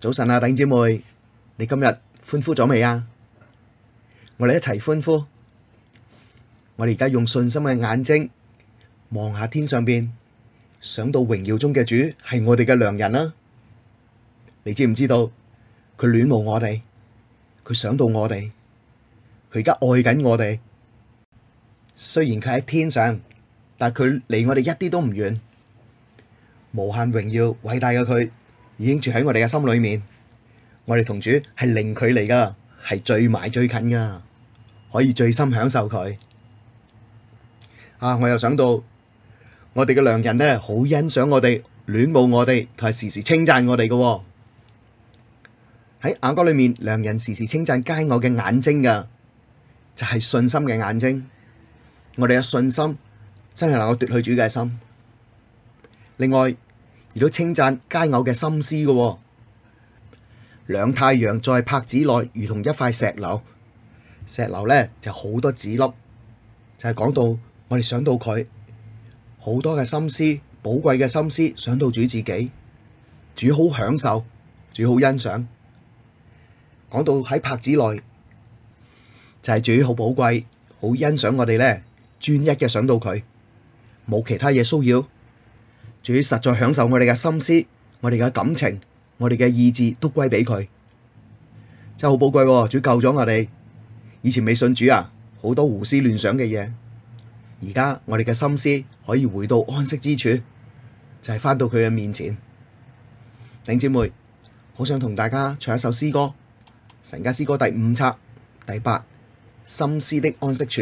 早晨啊，弟兄姊妹，你今日歡呼咗未啊？我哋一齊歡呼！我哋而家用信心嘅眼睛望下天上邊，想到榮耀中嘅主係我哋嘅良人啦。你知唔知道佢戀慕我哋，佢想到我哋，佢而家愛緊我哋。雖然佢喺天上，但佢離我哋一啲都唔遠。無限榮耀偉大嘅佢。已經住喺我哋嘅心裏面，我哋同主係零距離噶，係最埋最近噶，可以最深享受佢。啊！我又想到，我哋嘅良人呢，好欣賞我哋，戀慕我哋，同係時時稱讚我哋嘅喎。喺眼角裏面，良人時時稱讚皆我嘅眼睛噶，就係信心嘅眼睛。我哋嘅信心，真係能夠奪去主嘅心。另外。亦都稱讚佳偶嘅心思嘅。哦，兩太陽在帕子內如同一塊石榴，石榴咧就好多籽粒，就係講到我哋想到佢好多嘅心思，寶貴嘅心思想到主自己，主好享受，主好欣賞，講到喺帕子內就係主好寶貴，好欣賞我哋咧，專一嘅想到佢，冇其他嘢騷擾。主實在享受我哋嘅心思、我哋嘅感情、我哋嘅意志，都歸俾佢，真係好寶貴。主救咗我哋，以前未信主啊，好多胡思亂想嘅嘢，而家我哋嘅心思可以回到安息之處，就係翻到佢嘅面前。弟兄姊妹，好想同大家唱一首詩歌《神家詩歌》第五冊第八《心思的安息處》，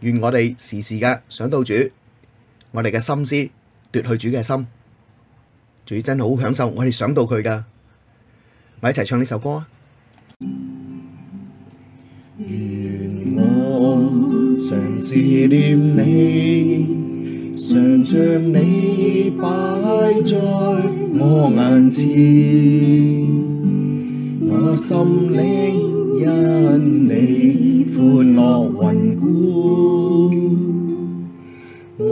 願我哋時時嘅想到主，我哋嘅心思。奪去主嘅心，主真好享受，我哋想到佢噶，我一齊唱呢首歌啊！願我常思念你，常將你擺在我眼前，我心靈因你歡樂穩固。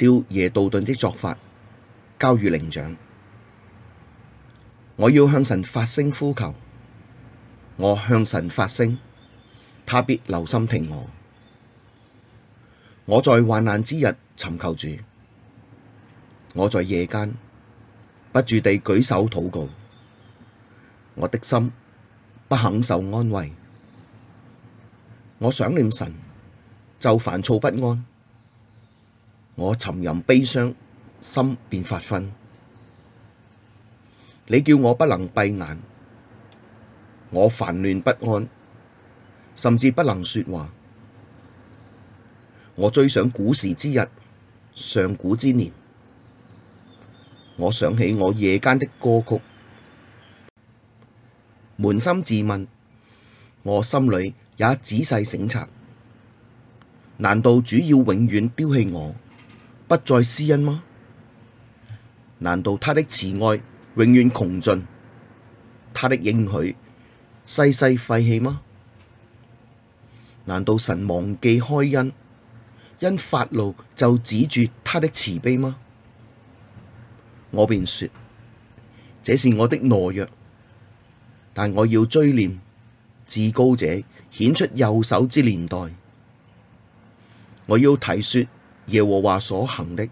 照耶杜頓的作法，交與伶長。我要向神發聲呼求，我向神發聲，他必留心聽我。我在患難之日尋求主，我在夜間不住地舉手禱告。我的心不肯受安慰，我想念神就煩躁不安。我沉吟悲傷，心便發昏。你叫我不能閉眼，我煩亂不安，甚至不能說話。我追想古時之日，上古之年。我想起我夜間的歌曲，捫心自問，我心裡也仔細省察。難道主要永遠丟棄我？不再施恩嗎？難道他的慈愛永遠窮盡？他的應許世世廢棄嗎？難道神忘記開恩？因發怒就止住他的慈悲嗎？我便說：這是我的懦弱，但我要追念至高者，顯出右手之年代。我要提說，耶和華所行的，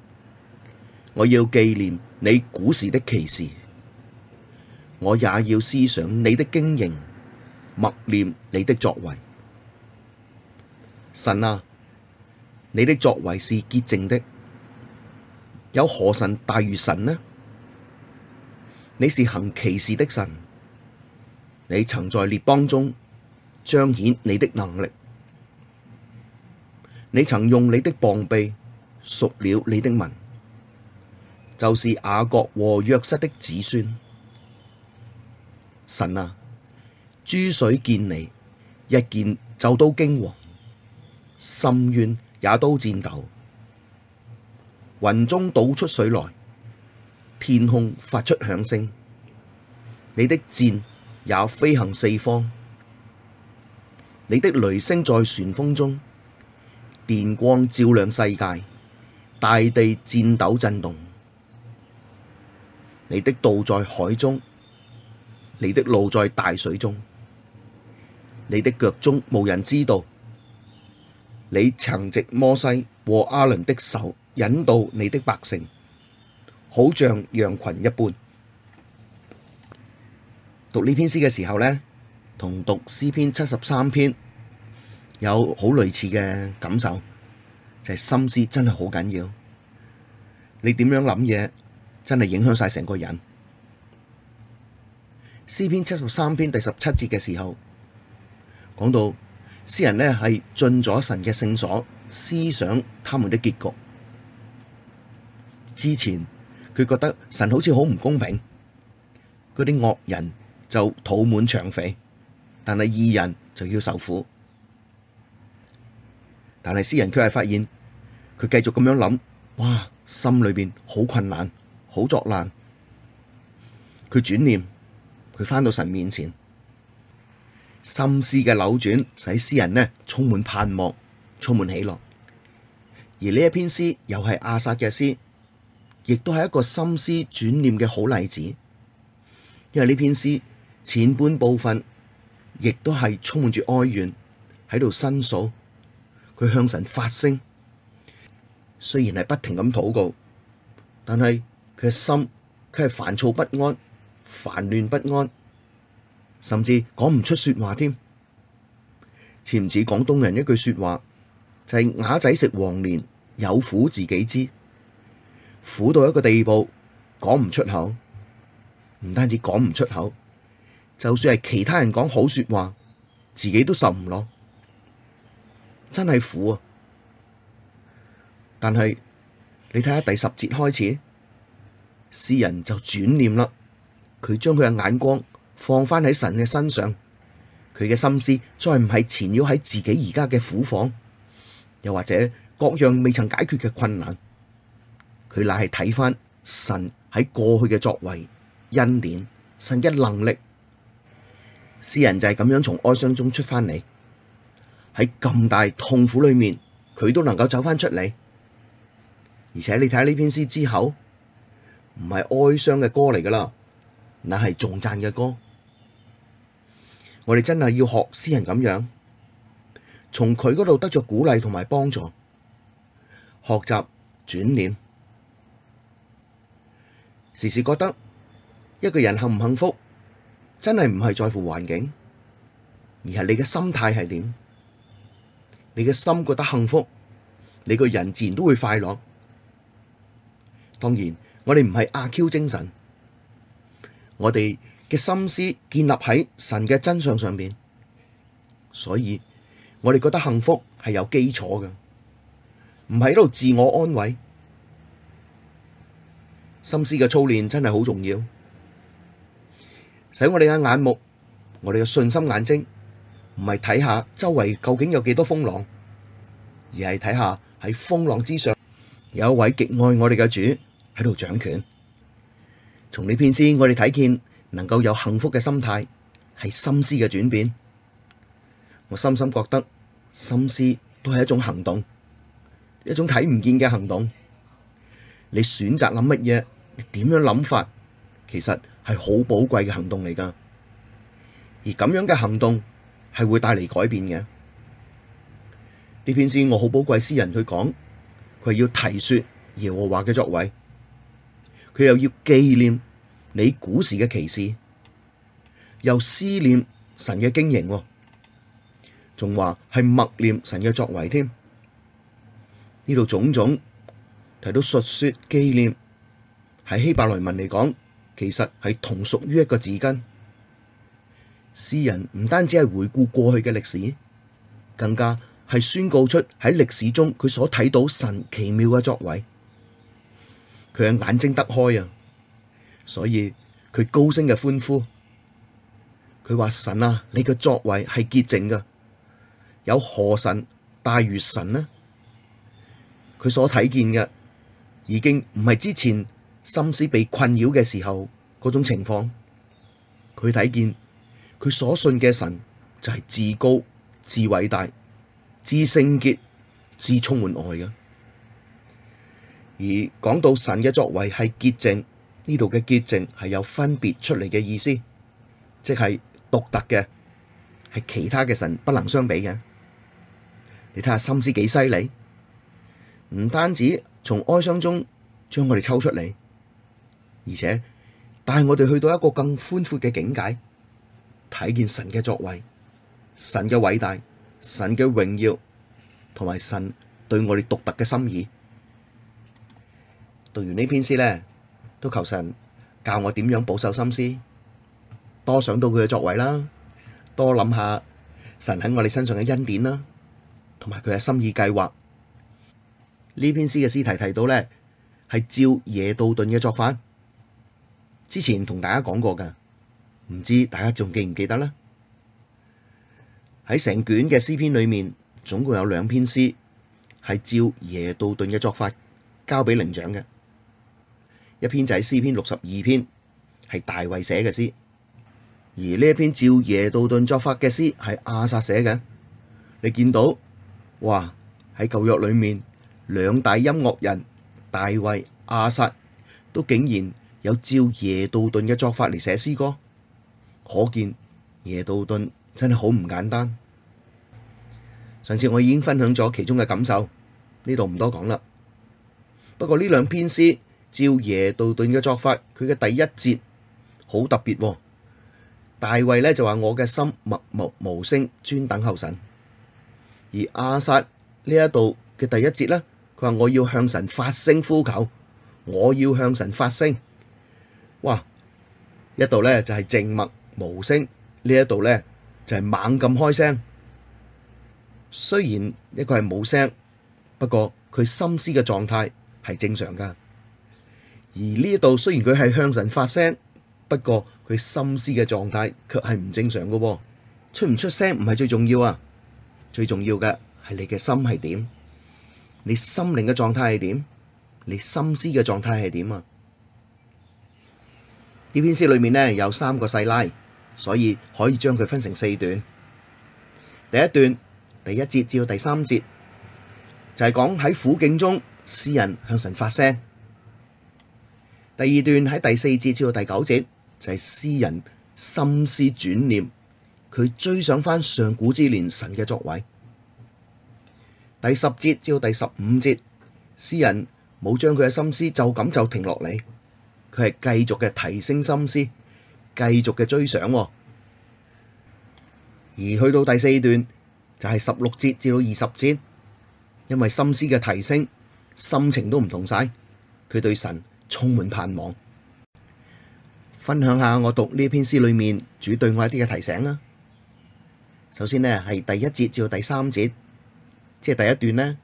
我要紀念你古時的奇事，我也要思想你的經營，默念你的作為。神啊，你的作為是潔淨的，有何神大如神呢？你是行奇事的神，你曾在列邦中彰顯你的能力，你曾用你的膀臂。熟了你的民，就是雅各和約瑟的子孫。神啊，諸水見你，一見就都驚惶，深淵也都戰抖。雲中倒出水來，天空發出響聲。你的箭也飛行四方，你的雷聲在旋風中，電光照亮世界。大地顫抖震動，你的道在海中，你的路在大水中，你的腳蹤無人知道。你曾藉摩西和亞倫的手，引導你的百姓，好像羊群一般。讀呢篇詩嘅時候呢，同讀詩篇七十三篇有好類似嘅感受。就係心思真係好緊要，你點樣諗嘢真係影響晒成個人。詩篇七十三篇第十七節嘅時候，講到詩人呢係進咗神嘅聖所，思想他們的結局。之前佢覺得神好似好唔公平，嗰啲惡人就肚滿腸肥，但係義人就要受苦。但係詩人卻係發現，佢繼續咁樣諗，哇，心裏邊好困難，好作難。佢轉念，佢翻到神面前，心思嘅扭轉使詩人呢充滿盼望，充滿喜樂。而呢一篇詩又係亞薩嘅詩，亦都係一個心思轉念嘅好例子，因為呢篇詩前半部分亦都係充滿住哀怨，喺度申訴。佢向神發聲，雖然係不停咁禱告，但係佢嘅心佢係煩躁不安、煩亂不安，甚至講唔出說話添。似唔似廣東人一句說話，就係、是、啞仔食黃連，有苦自己知，苦到一個地步，講唔出口，唔單止講唔出口，就算係其他人講好說話，自己都受唔落。真係苦啊！但係你睇下第十節開始，詩人就轉念啦，佢將佢嘅眼光放翻喺神嘅身上，佢嘅心思再唔係纏繞喺自己而家嘅苦況，又或者各樣未曾解決嘅困難，佢乃係睇翻神喺過去嘅作為恩典，神嘅能力，詩人就係咁樣從哀傷中出翻嚟。喺咁大痛苦裏面，佢都能夠走翻出嚟。而且你睇下呢篇詩之後，唔係哀傷嘅歌嚟噶啦，那係頌讚嘅歌。我哋真係要學詩人咁樣，從佢嗰度得咗鼓勵同埋幫助，學習轉念，時時覺得一個人幸唔幸福，真係唔係在乎環境，而係你嘅心態係點。你嘅心覺得幸福，你個人自然都會快樂。當然，我哋唔係阿 Q 精神，我哋嘅心思建立喺神嘅真相上面，所以我哋覺得幸福係有基礎嘅，唔係喺度自我安慰。心思嘅操練真係好重要，使我哋嘅眼目，我哋嘅信心眼睛。唔係睇下周圍究竟有幾多風浪，而係睇下喺風浪之上，有一位極愛我哋嘅主喺度掌權。從呢篇詩，我哋睇見能夠有幸福嘅心態，係心思嘅轉變。我深深覺得，心思都係一種行動，一種睇唔見嘅行動。你選擇諗乜嘢，你點樣諗法，其實係好寶貴嘅行動嚟噶。而咁樣嘅行動，係會帶嚟改變嘅。呢篇詩我好寶貴，詩人去講，佢係要提說耶和華嘅作為，佢又要紀念你古時嘅奇事，又思念神嘅經營，仲話係默念神嘅作為添。呢度種種提到述說紀念，喺希伯來文嚟講，其實係同屬於一個字根。詩人唔單止係回顧過去嘅歷史，更加係宣告出喺歷史中佢所睇到神奇妙嘅作為。佢嘅眼睛得開啊，所以佢高聲嘅歡呼。佢話神啊，你嘅作為係潔淨嘅，有何神大如神呢？佢所睇見嘅已經唔係之前心思被困擾嘅時候嗰種情況，佢睇見。佢所信嘅神就係、是、至高、至偉大、至聖潔、至充滿愛嘅。而講到神嘅作為係潔淨，呢度嘅潔淨係有分別出嚟嘅意思，即係獨特嘅，係其他嘅神不能相比嘅。你睇下心思幾犀利，唔單止從哀傷中將我哋抽出嚟，而且帶我哋去到一個更寬闊嘅境界。睇見神嘅作為，神嘅偉大，神嘅榮耀，同埋神對我哋獨特嘅心意。讀完呢篇詩咧，都求神教我點樣保守心思，多想到佢嘅作為啦，多諗下神喺我哋身上嘅恩典啦，同埋佢嘅心意計劃。呢篇詩嘅詩題提，提到咧，係照耶杜頓嘅作法，之前同大家講過噶。唔知大家仲記唔記得咧？喺成卷嘅詩篇裏面，總共有兩篇詩係照耶杜頓嘅作法交俾伶長嘅。一篇就係詩篇六十二篇，係大衛寫嘅詩；而呢一篇照耶杜頓作法嘅詩係亞薩寫嘅。你見到哇？喺舊約裏面，兩大音樂人大衛、亞薩都竟然有照耶杜頓嘅作法嚟寫詩歌。可見耶杜頓真係好唔簡單。上次我已經分享咗其中嘅感受，呢度唔多講啦。不過呢兩篇詩照耶杜頓嘅作法，佢嘅第一節好特別。大衛呢就話我嘅心默默無聲，專等候神。而亞薩呢一度嘅第一節呢，佢話我要向神發聲呼求，我要向神發聲。哇，一度呢就係靜默。無聲呢一度呢，就係、是、猛咁開聲，雖然一個係冇聲，不過佢心思嘅狀態係正常噶。而呢一度雖然佢係向神發聲，不過佢心思嘅狀態卻係唔正常噶。出唔出聲唔係最重要啊，最重要嘅係你嘅心係點，你心靈嘅狀態係點，你心思嘅狀態係點啊？呢篇詩裏面呢，有三個細拉。所以可以將佢分成四段，第段。第一段第一節至到第三節就係講喺苦境中，詩人向神發聲。第二段喺第四節至到第九節就係、是、詩人心思轉念，佢追想翻上古之年神嘅作為。第十節至到第十五節，詩人冇將佢嘅心思就咁就停落嚟，佢係繼續嘅提升心思。繼續嘅追想，而去到第四段就係十六節至到二十節，因為心思嘅提升，心情都唔同晒。佢對神充滿盼望。分享下我讀呢篇詩裏面主對我一啲嘅提醒啦。首先呢係第一節至到第三節，即係第一段呢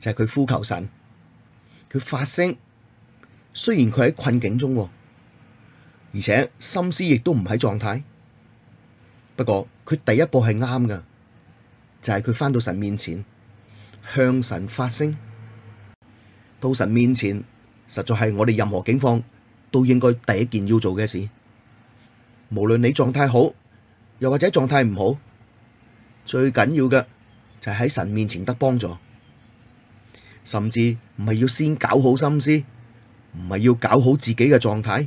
就係佢呼求神，佢發聲。雖然佢喺困境中。而且心思亦都唔喺狀態，不過佢第一步係啱㗎，就係佢返到神面前向神發聲。到神面前，實在係我哋任何境況都應該第一件要做嘅事。無論你狀態好，又或者狀態唔好，最緊要嘅就係喺神面前得幫助，甚至唔係要先搞好心思，唔係要搞好自己嘅狀態。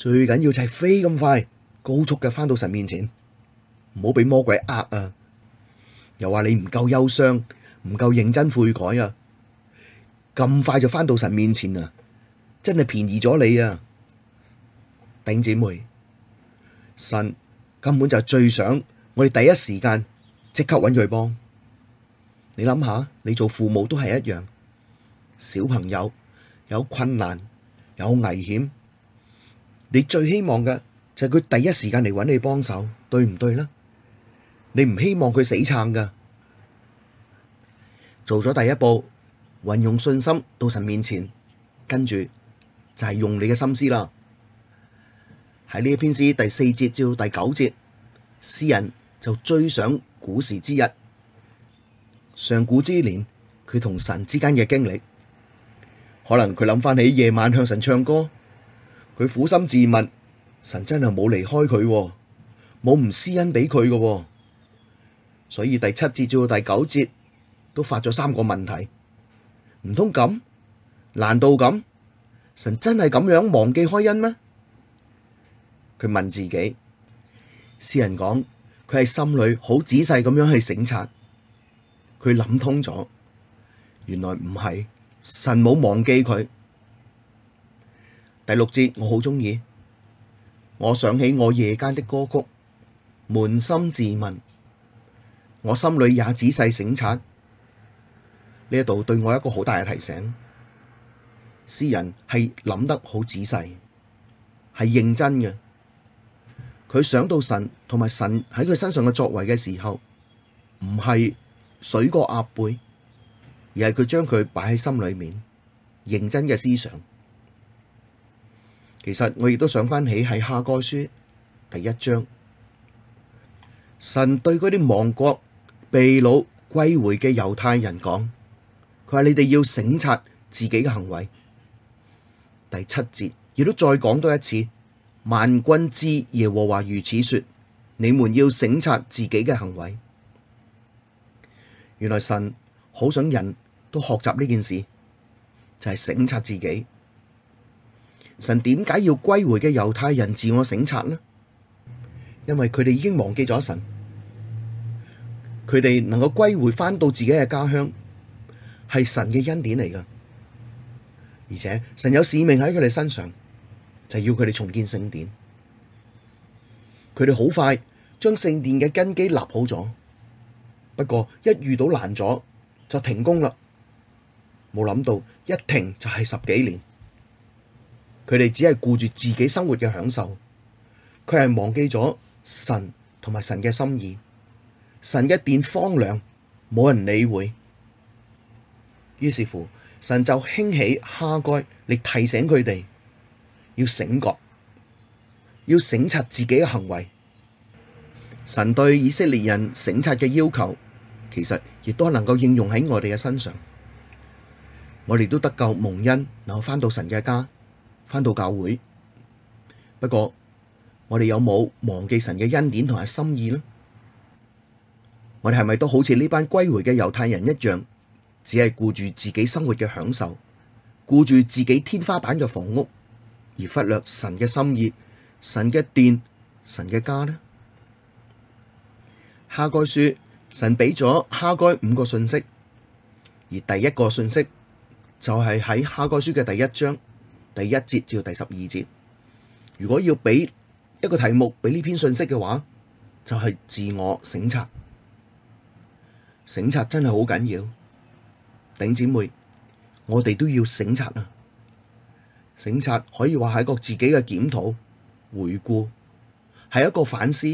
最緊要就係飛咁快，高速嘅返到神面前，唔好俾魔鬼呃啊！又話你唔夠憂傷，唔夠認真悔改啊！咁快就返到神面前啊！真係便宜咗你啊！頂姐妹，神根本就最想我哋第一時間即刻揾佢幫。你諗下，你做父母都係一樣，小朋友有困難，有危險。你最希望嘅就係、是、佢第一時間嚟揾你幫手，對唔對啦？你唔希望佢死撐噶。做咗第一步，運用信心到神面前，跟住就係用你嘅心思啦。喺呢篇詩第四節至到第九節，詩人就追想古時之日、上古之年，佢同神之間嘅經歷。可能佢諗翻起夜晚向神唱歌。佢捫心自問，神真係冇離開佢，冇唔施恩俾佢嘅，所以第七節至到第九節都發咗三個問題，唔通咁？難道咁？神真係咁樣忘記開恩咩？佢問自己。詩人講，佢係心裏好仔細咁樣去省察，佢諗通咗，原來唔係，神冇忘記佢。第六節我好中意，我想起我夜間的歌曲，捫心自問，我心裡也仔細省察。呢一度對我一個好大嘅提醒，詩人係諗得好仔細，係認真嘅。佢想到神同埋神喺佢身上嘅作為嘅時候，唔係水過鴨背，而係佢將佢擺喺心裡面認真嘅思想。其實我亦都想翻起喺哈該書第一章，神對嗰啲亡國、被擄、歸回嘅猶太人講，佢話你哋要省察自己嘅行為。第七節亦都再講多一次：萬軍之耶和華如此說，你們要省察自己嘅行為。原來神好想人都學習呢件事，就係、是、省察自己。神點解要歸回嘅猶太人自我省察呢？因為佢哋已經忘記咗神，佢哋能夠歸回返到自己嘅家鄉，係神嘅恩典嚟㗎。而且神有使命喺佢哋身上，就要佢哋重建聖殿。佢哋好快將聖殿嘅根基立好咗，不過一遇到難咗就停工啦。冇諗到一停就係十幾年。佢哋只係顧住自己生活嘅享受，佢係忘記咗神同埋神嘅心意，神一點荒涼冇人理會，於是乎神就興起哈該嚟，提醒佢哋要醒覺，要省察自己嘅行為。神對以色列人省察嘅要求，其實亦都能夠應用喺我哋嘅身上，我哋都得救蒙恩，能夠翻到神嘅家，翻到教會，不過我哋有冇忘記神嘅恩典同埋心意呢？我哋係咪都好似呢班歸回嘅猶太人一樣，只係顧住自己生活嘅享受，顧住自己天花板嘅房屋，而忽略神嘅心意、神嘅殿、神嘅家呢？哈該書神俾咗哈該五個信息，而第一個信息就係、是、喺哈該書嘅第一章。第一節至到第十二節，如果要俾一個題目俾呢篇信息嘅話，就係自我省察。省察真係好緊要，頂姐妹，我哋都要省察啊！省察可以話係一個自己嘅檢討、回顧，係一個反思。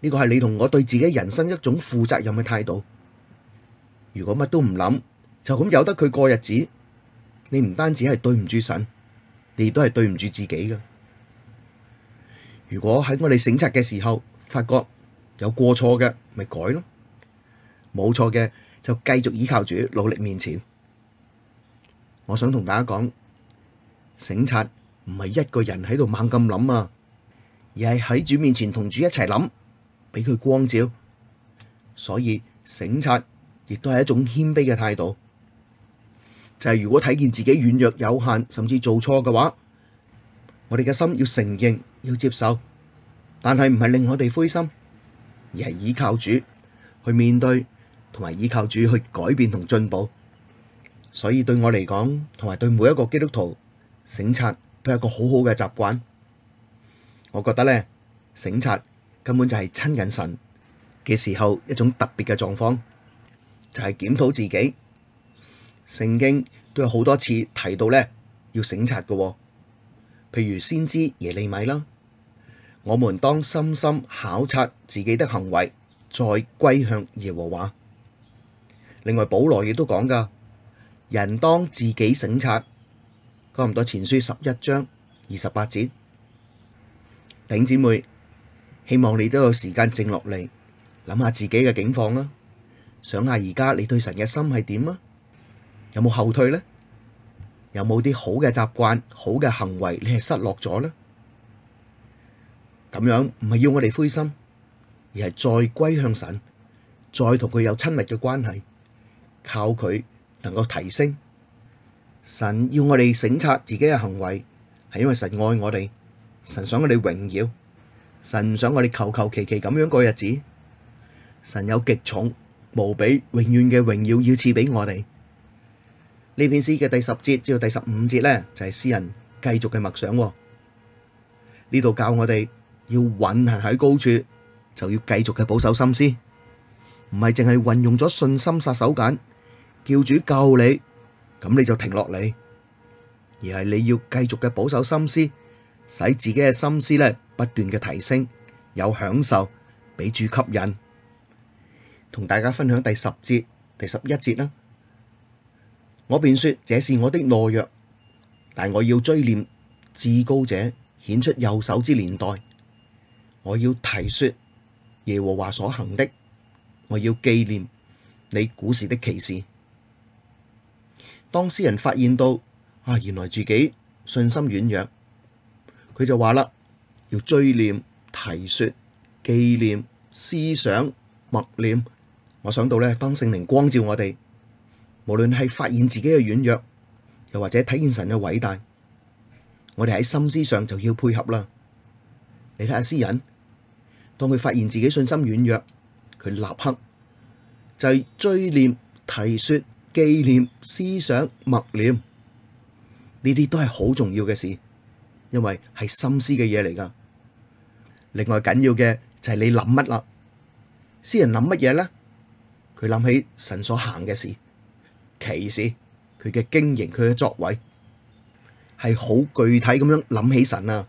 呢個係你同我對自己人生一種負責任嘅態度。如果乜都唔諗，就咁由得佢過日子，你唔單止係對唔住神，你亦都係對唔住自己噶。如果喺我哋省察嘅時候，發覺有過錯嘅，咪改咯。冇錯嘅就繼續依靠住努力面前。我想同大家講，省察唔係一個人喺度猛咁諗啊，而係喺主面前同主一齊諗，畀佢光照。所以省察亦都係一種謙卑嘅態度。就係如果睇見自己軟弱有限，甚至做錯嘅話，我哋嘅心要承認，要接受，但係唔係令我哋灰心，而係依靠主去面對，同埋依靠主去改變同進步。所以對我嚟講，同埋對每一個基督徒省察，都係一個好好嘅習慣。我覺得咧，省察根本就係親近神嘅時候一種特別嘅狀況，就係、是、檢討自己，聖經。都有好多次提到呢，要省察嘅，哦，譬如先知耶利米啦。我們當深深考察自己的行為，再歸向耶和華。另外，保羅亦都講噶，人當自己省察。哥林多前書十一章二十八節，頂姊妹，希望你都有時間靜落嚟諗下想想自己嘅境況啦，想下而家你對神嘅心係點啊？有冇後退呢？有冇啲好嘅習慣、好嘅行為？你係失落咗呢？咁樣唔係要我哋灰心，而係再歸向神，再同佢有親密嘅關係，靠佢能夠提升。神要我哋省察自己嘅行為，係因為神愛我哋，神想我哋榮耀，神唔想我哋求求其其咁樣過日子。神有極重無比永遠嘅榮耀要賜俾我哋。呢篇詩嘅第十節至到第十五節咧，就係、是、詩人繼續嘅默想。呢度教我哋要運行喺高處，就要繼續嘅保守心思，唔係淨係運用咗信心殺手鐧，叫主救你，咁你就停落嚟，而係你要繼續嘅保守心思，使自己嘅心思咧不斷嘅提升，有享受，俾主吸引。同大家分享第十節、第十一節啦。我便說這是我的懦弱，但我要追念至高者，顯出右手之年代。我要提說耶和華所行的，我要紀念你古時的奇事。當詩人發現到啊，原來自己信心軟弱，佢就話啦，要追念、提說、紀念、思想、默念。我想到咧，當聖靈光照我哋。無論係發現自己嘅軟弱，又或者體現神嘅偉大，我哋喺心思上就要配合啦。你睇下，詩人當佢發現自己信心軟弱，佢立刻就係追念、提說、紀念、思想、默念，呢啲都係好重要嘅事，因為係心思嘅嘢嚟噶。另外緊要嘅就係你諗乜啦，詩人諗乜嘢咧？佢諗起神所行嘅事。歧視佢嘅經營，佢嘅作為，係好具體咁樣諗起神啊。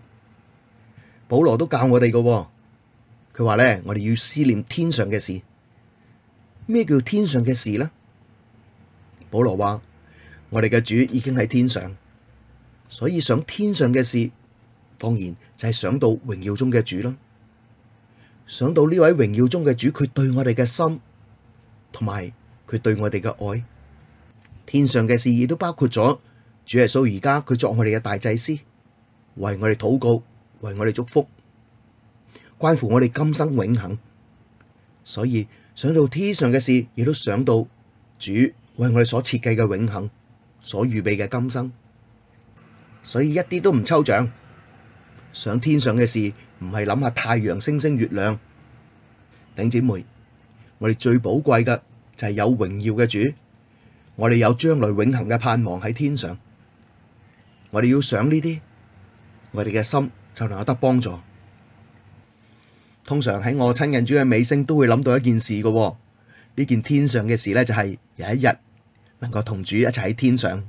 保羅都教我哋噶，佢話咧，我哋要思念天上嘅事。咩叫天上嘅事呢？保羅話我哋嘅主已經喺天上，所以想天上嘅事，當然就係想到榮耀中嘅主啦。想到呢位榮耀中嘅主，佢對我哋嘅心同埋佢對我哋嘅愛。天上嘅事亦都包括咗主耶穌而家佢作我哋嘅大祭司，為我哋禱告，為我哋祝福，關乎我哋今生永恒。所以想到天上嘅事，亦都想到主為我哋所設計嘅永恒，所預備嘅今生。所以一啲都唔抽象，想天上嘅事唔係諗下太陽、星星、月亮。頂姊妹，我哋最寶貴嘅就係有榮耀嘅主。我哋有將來永恒嘅盼望喺天上，我哋要想呢啲，我哋嘅心就能有得幫助。通常喺我親近主嘅尾聲，都會諗到一件事嘅，呢件天上嘅事呢，就係有一日能夠同主一齊喺天上，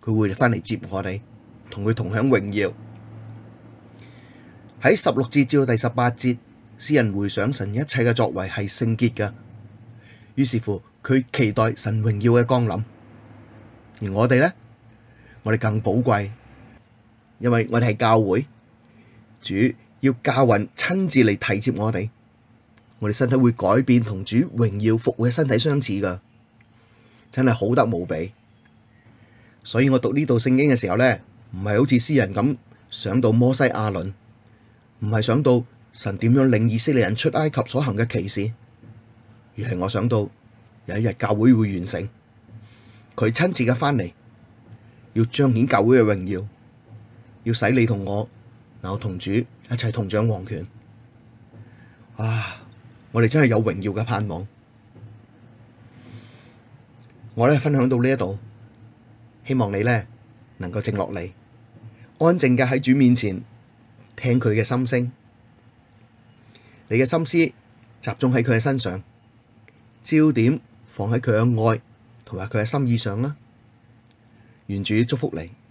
佢會翻嚟接我哋，同佢同享榮耀。喺十六節至到第十八節，詩人回想神一切嘅作為係聖潔嘅，於是乎。佢期待神榮耀嘅光臨，而我哋咧，我哋更寶貴，因為我哋係教會，主要教運親自嚟提接我哋，我哋身體會改變，同主榮耀復活嘅身體相似噶，真係好得無比。所以我讀呢度聖經嘅時候咧，唔係好似詩人咁想到摩西亞倫，唔係想到神點樣領以色列人出埃及所行嘅奇事，而係我想到。有一日教會會完成，佢親自嘅翻嚟，要彰顯教會嘅榮耀，要使你同我，能夠同主一齊同掌王權。哇、啊！我哋真係有榮耀嘅盼望。我咧分享到呢一度，希望你咧能夠靜落嚟，安靜嘅喺主面前聽佢嘅心聲，你嘅心思集中喺佢嘅身上，焦點放喺佢嘅愛同埋佢嘅心意上啦，願主祝福你。